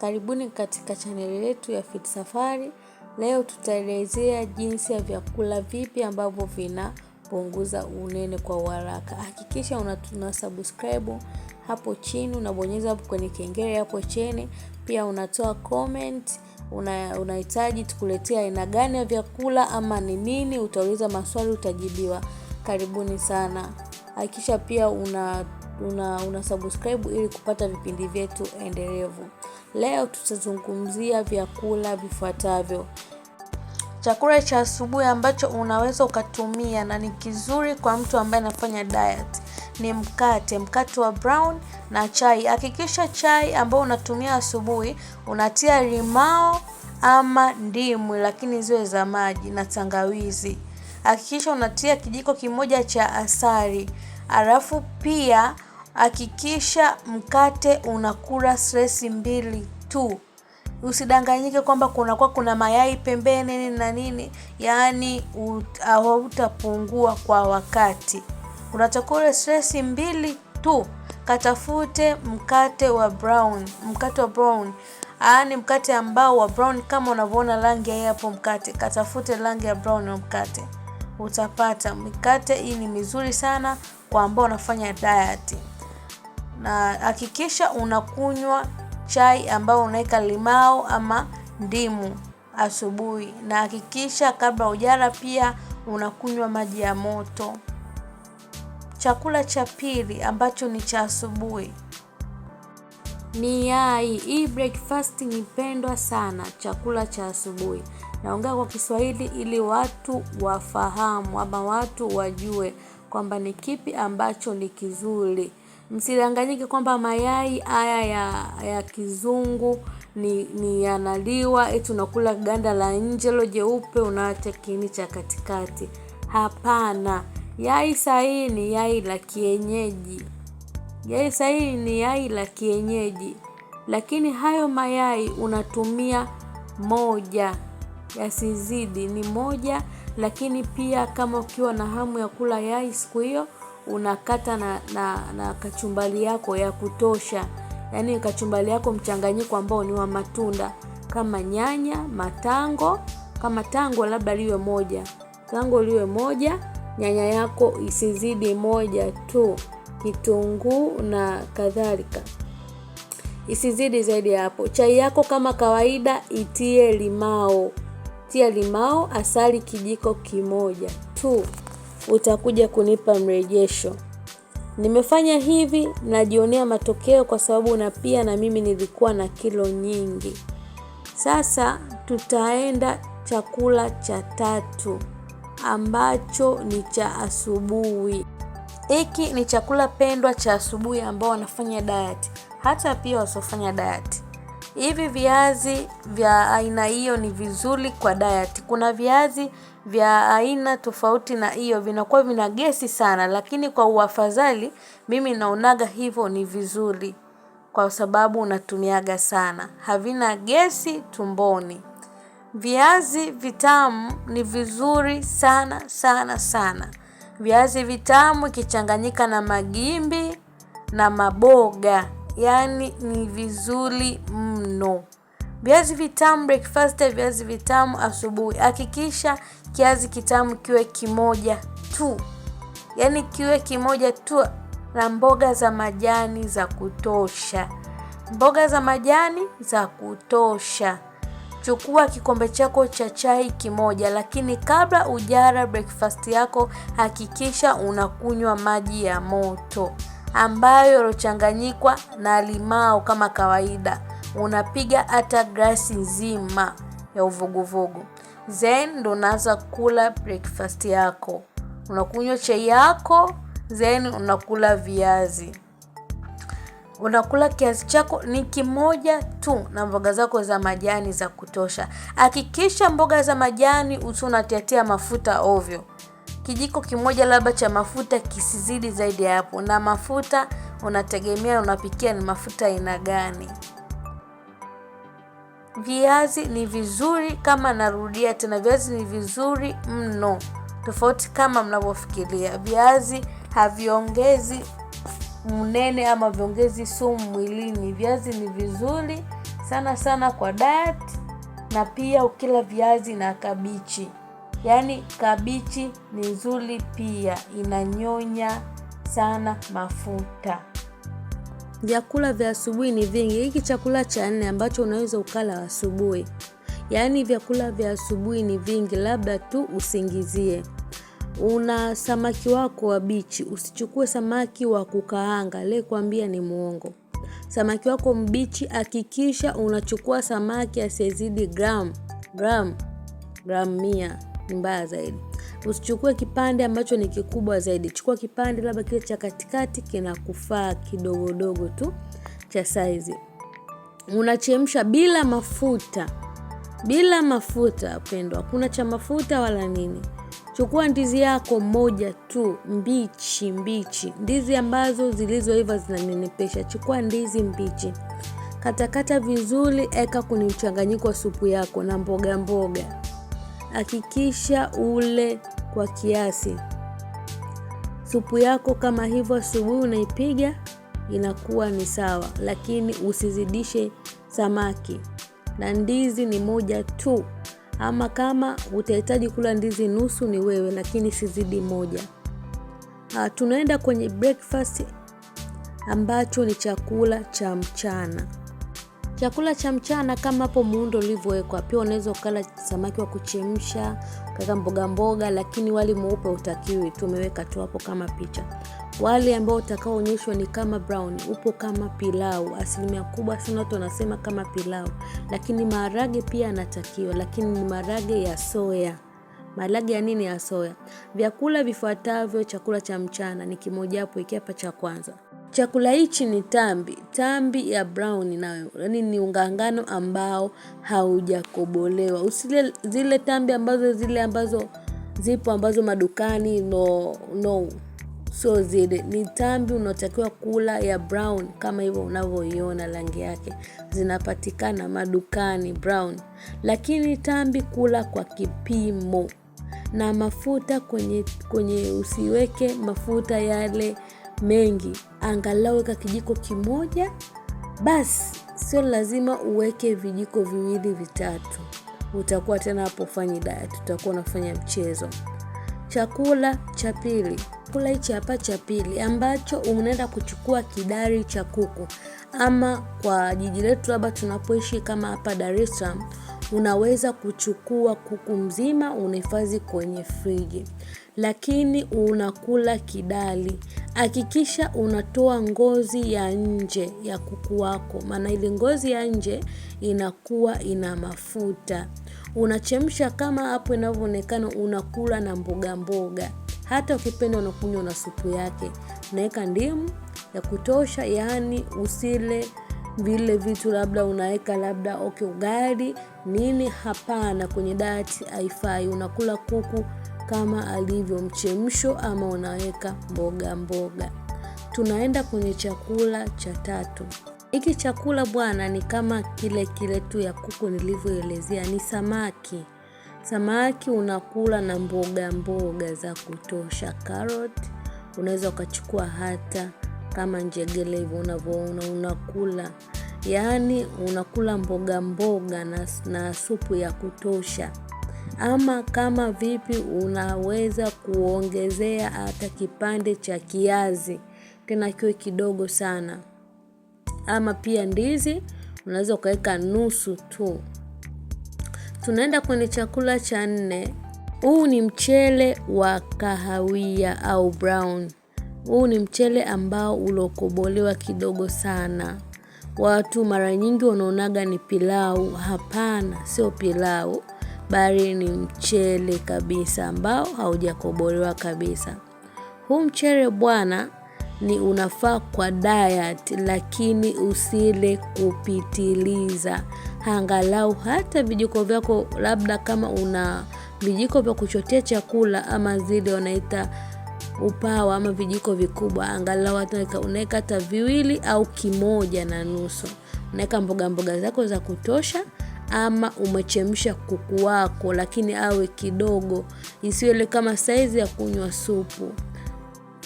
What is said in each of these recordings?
Karibuni katika chaneli yetu ya Fit Safari. Leo tutaelezea jinsi ya vyakula vipi ambavyo vinapunguza unene kwa uharaka. Hakikisha unatuna subscribe hapo chini, unabonyeza hapo kwenye kengele hapo chini, pia unatoa comment unahitaji una tukuletea aina gani ya vyakula ama ni nini, utauliza maswali utajibiwa. Karibuni sana. Hakikisha pia una una, una subscribe ili kupata vipindi vyetu endelevu. Leo tutazungumzia vyakula vifuatavyo. Chakula cha asubuhi ambacho unaweza ukatumia na ni kizuri kwa mtu ambaye anafanya diet ni mkate, mkate wa brown na chai. Hakikisha chai ambayo unatumia asubuhi unatia limao ama ndimu, lakini ziwe za maji na tangawizi. Hakikisha unatia kijiko kimoja cha asali, alafu pia hakikisha mkate unakula stresi mbili tu. Usidanganyike kwamba kunakuwa kuna mayai pembeni nini na nini, yaani hautapungua kwa wakati. Unachakula stresi mbili tu. Katafute mkate wa brown, mkate wa brown yaani mkate ambao wa brown kama unavyoona rangi ya hapo mkate. Katafute rangi ya brown wa mkate, utapata mikate hii ni mizuri sana kwa ambao unafanya dieting na hakikisha unakunywa chai ambayo unaweka limao ama ndimu asubuhi, na hakikisha kabla ujara pia unakunywa maji ya moto. Chakula cha pili ambacho ni cha asubuhi ni yai. Hii breakfast ni pendwa sana, chakula cha asubuhi. Naongea kwa Kiswahili ili watu wafahamu ama watu wajue kwamba ni kipi ambacho ni kizuri msidanganyike kwamba mayai haya ya ya kizungu ni, ni yanaliwa eti unakula ganda la nje lo jeupe unaacha kiini cha katikati hapana yai sahihi ni yai la kienyeji yai sahihi ni yai la kienyeji lakini hayo mayai unatumia moja yasizidi ni moja lakini pia kama ukiwa na hamu ya kula yai siku hiyo unakata na, na, na kachumbali yako ya kutosha, yaani kachumbali yako mchanganyiko ambao ni wa matunda kama nyanya, matango, kama tango labda liwe moja, tango liwe moja, nyanya yako isizidi moja tu, kitunguu na kadhalika isizidi zaidi ya hapo. Chai yako kama kawaida itie limao, tia limao, asali kijiko kimoja tu utakuja kunipa mrejesho. Nimefanya hivi, najionea matokeo kwa sababu na pia na mimi nilikuwa na kilo nyingi. Sasa tutaenda chakula cha tatu ambacho ni cha asubuhi. Hiki ni chakula pendwa cha asubuhi ambao wanafanya diet, hata pia wasiofanya diet. Hivi viazi vya aina hiyo ni vizuri kwa diet. Kuna viazi vya aina tofauti na hiyo vinakuwa vina gesi sana, lakini kwa uafadhali mimi naonaga hivyo ni vizuri, kwa sababu unatumiaga sana, havina gesi tumboni. Viazi vitamu ni vizuri sana sana sana. Viazi vitamu ikichanganyika na magimbi na maboga yaani ni vizuri mno. Viazi vitamu breakfast ya viazi vitamu asubuhi, hakikisha kiazi kitamu kiwe kimoja tu, yaani kiwe kimoja tu na mboga za majani za kutosha. Mboga za majani za kutosha. Chukua kikombe chako cha chai kimoja, lakini kabla ujara breakfast yako hakikisha unakunywa maji ya moto ambayo yalochanganyikwa na limao kama kawaida. Unapiga hata glasi nzima ya uvuguvugu, then ndo unaanza kula breakfast yako. Unakunywa chai yako, then unakula viazi unakula kiazi chako ni kimoja tu na mboga zako za majani za kutosha. Hakikisha mboga za majani usi unatiatia mafuta ovyo kijiko kimoja labda cha mafuta kisizidi zaidi ya hapo, na mafuta unategemea unapikia ni mafuta aina gani. Viazi ni vizuri kama, narudia tena, viazi ni vizuri mno, tofauti kama mnavyofikiria. Viazi haviongezi mnene ama viongezi sumu mwilini. Viazi ni vizuri sana sana kwa diet, na pia ukila viazi na kabichi Yaani kabichi ni nzuri pia inanyonya sana mafuta. Vyakula vya asubuhi ni vingi. Hiki chakula cha nne ambacho unaweza ukala asubuhi. Yaani vyakula vya asubuhi ni vingi labda tu usingizie. Una samaki wako wabichi, usichukue samaki wa kukaanga, kuambia ni muongo. Samaki wako mbichi hakikisha unachukua samaki asiyezidi gramu gramu gramu mia mbaya zaidi. Usichukue kipande ambacho ni kikubwa zaidi, chukua kipande labda kile cha katikati kinakufaa kidogodogo tu cha saizi. Unachemsha bila mafuta, bila mafuta pendwa, hakuna cha mafuta wala nini. Chukua ndizi yako moja tu mbichi mbichi, ndizi ambazo zilizoiva zinanenepesha. Chukua ndizi mbichi, katakata vizuri, eka kwenye mchanganyiko wa supu yako na mboga mboga hakikisha ule kwa kiasi. Supu yako kama hivyo asubuhi unaipiga inakuwa ni sawa, lakini usizidishe samaki. Na ndizi ni moja tu, ama kama utahitaji kula ndizi nusu ni wewe, lakini sizidi moja. Ha, tunaenda kwenye breakfast ambacho ni chakula cha mchana. Chakula cha mchana kama hapo muundo ulivyowekwa, pia unaweza ukala samaki wa kuchemsha, kaka mboga mboga, lakini wali mweupe utakiwi, tumeweka tu hapo kama picha. Wali ambao utakaoonyeshwa ni kama brown, upo kama pilau. Asilimia kubwa sana watu wanasema kama pilau, lakini maharage pia anatakiwa, lakini ni maharage ya soya. Maharage ya nini? Ya soya. Vyakula vifuatavyo chakula cha mchana ni kimojawapo, ikiapa cha kwanza Chakula hichi ni tambi, tambi ya brown nayo, yaani ni ungangano ambao haujakobolewa. Usile zile tambi ambazo zile ambazo zipo ambazo madukani, no no, sio zile. Ni tambi unaotakiwa kula ya brown, kama hivyo unavyoiona rangi yake, zinapatikana madukani brown. Lakini tambi kula kwa kipimo na mafuta kwenye, kwenye usiweke mafuta yale mengi, angalau weka kijiko kimoja basi, sio lazima uweke vijiko viwili vitatu. Utakuwa tena hapo fanyi diet, utakuwa unafanya mchezo. Chakula cha pili, kula hichi hapa cha pili ambacho unaenda kuchukua kidari cha kuku, ama kwa jiji letu labda tunapoishi kama hapa Dar es Salaam unaweza kuchukua kuku mzima unahifadhi kwenye friji, lakini unakula kidali. Hakikisha unatoa ngozi ya nje ya kuku wako, maana ile ngozi ya nje inakuwa ina mafuta. Unachemsha kama hapo inavyoonekana, unakula na mboga mboga, hata ukipenda unakunywa na supu yake. Naweka ndimu ya kutosha, yaani usile vile vitu labda unaweka labda okay, ugali nini. Hapana, kwenye dayati haifai. Unakula kuku kama alivyo mchemsho, ama unaweka mboga mboga. Tunaenda kwenye chakula cha tatu. Hiki chakula bwana, ni kama kile kile tu ya kuku nilivyoelezea, ni samaki. Samaki unakula na mboga mboga za kutosha, carrot, unaweza ukachukua hata kama njegele hivyo unavyoona unakula yaani unakula mboga mboga na, na supu ya kutosha ama kama vipi unaweza kuongezea hata kipande cha kiazi tena kiwe kidogo sana ama pia ndizi unaweza ukaweka nusu tu tunaenda kwenye chakula cha nne huu ni mchele wa kahawia au brown huu ni mchele ambao ulokobolewa kidogo sana. Watu mara nyingi wanaonaga ni pilau. Hapana, sio pilau, bali ni mchele kabisa ambao haujakobolewa kabisa. Huu mchele bwana, ni unafaa kwa diet, lakini usile kupitiliza. Angalau hata vijiko vyako, labda kama una vijiko vya kuchotea chakula ama zile wanaita upawa ama vijiko vikubwa, angalau hata unaweka hata viwili au kimoja na nusu. Unaweka mboga mboga zako za kutosha, ama umechemsha kuku wako, lakini awe kidogo, isiwe ile kama saizi ya kunywa supu.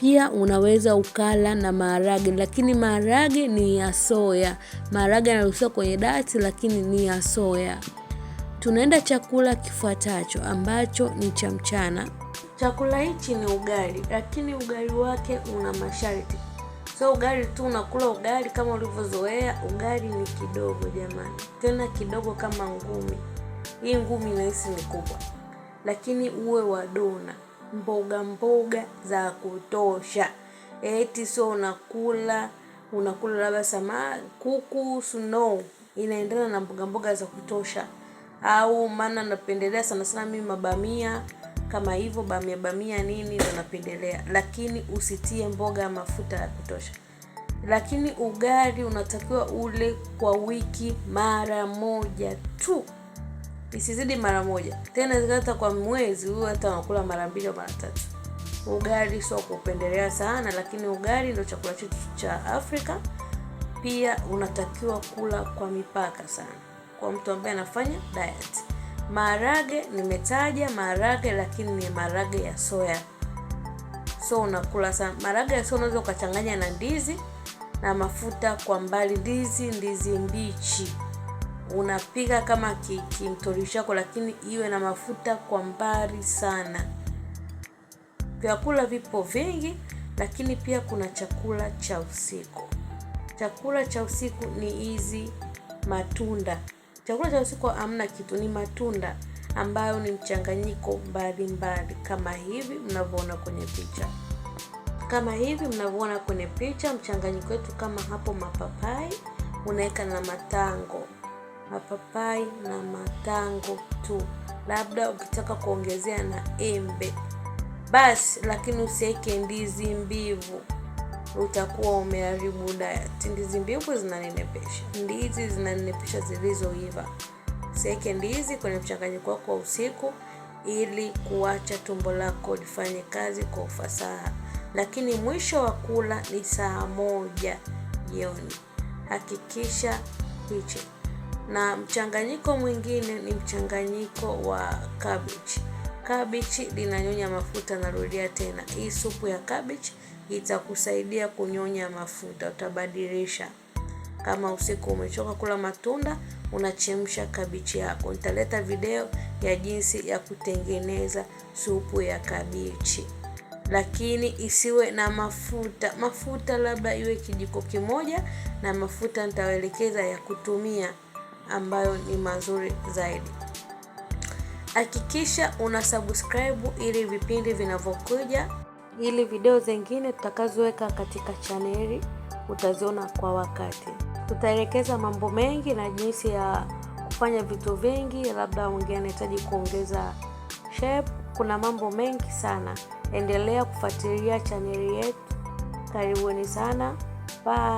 Pia unaweza ukala na maharage, lakini maharage ni ya soya. Maharage yanaruhusiwa kwenye dati, lakini ni ya soya. Tunaenda chakula kifuatacho ambacho ni cha mchana. Chakula hichi ni ugali, lakini ugali wake una masharti, So ugali tu unakula ugali kama ulivyozoea. Ugali ni kidogo jamani, tena kidogo kama ngumi. Hii ngumi nahisi ni kubwa, lakini uwe wa dona, mboga mboga za kutosha, eti sio unakula unakula labda samaki, kuku, suno, inaendana na mboga mboga za kutosha. Au maana napendelea sana sana mimi mabamia kama hivyo, bamia bamia nini ndo napendelea, lakini usitie mboga ya mafuta ya kutosha. Lakini ugali unatakiwa ule kwa wiki mara moja tu, isizidi mara moja. Tena hata kwa mwezi huyo, hata unakula mara mbili au mara tatu. Ugali sio kupendelea sana, lakini ugali ndo chakula chetu cha Afrika. Pia unatakiwa kula kwa mipaka sana, kwa mtu ambaye anafanya diet. Maharage nimetaja maharage, lakini ni maharage ya soya. So unakula sana maharage ya soya, unaweza ukachanganya na ndizi na mafuta kwa mbali, ndizi ndizi mbichi unapika kama kimtori chako, lakini iwe na mafuta kwa mbali sana. Vyakula vipo vingi, lakini pia kuna chakula cha usiku. Chakula cha usiku ni hizi matunda. Chakula cha usiku hamna kitu, ni matunda ambayo ni mchanganyiko mbalimbali kama hivi mnavyoona kwenye picha. Kama hivi mnavyoona kwenye picha, mchanganyiko wetu kama hapo, mapapai unaweka na matango, mapapai na matango tu, labda ukitaka kuongezea na embe basi, lakini usiweke ndizi mbivu utakuwa umeharibu diet. Ndizi mbivu zinanenepesha, ndizi zinanenepesha zilizoiva. Siweke ndizi kwenye mchanganyiko wako wa usiku ili kuacha tumbo lako lifanye kazi kwa ufasaha, lakini mwisho wa kula ni saa moja jioni. Hakikisha hichi na mchanganyiko mwingine ni mchanganyiko wa kabichi. Kabichi linanyonya mafuta, narudia tena, hii supu ya kabichi itakusaidia kunyonya mafuta, utabadilisha. Kama usiku umechoka kula matunda, unachemsha kabichi yako. Nitaleta video ya jinsi ya kutengeneza supu ya kabichi, lakini isiwe na mafuta. Mafuta labda iwe kijiko kimoja, na mafuta nitawaelekeza ya kutumia ambayo ni mazuri zaidi. Hakikisha una subscribe ili vipindi vinavyokuja, ili video zingine tutakazoweka katika chaneli utaziona kwa wakati. Tutaelekeza mambo mengi na jinsi ya kufanya vitu vingi, labda mwingine anahitaji kuongeza shape. Kuna mambo mengi sana, endelea kufuatilia chaneli yetu. Karibuni sana, bye.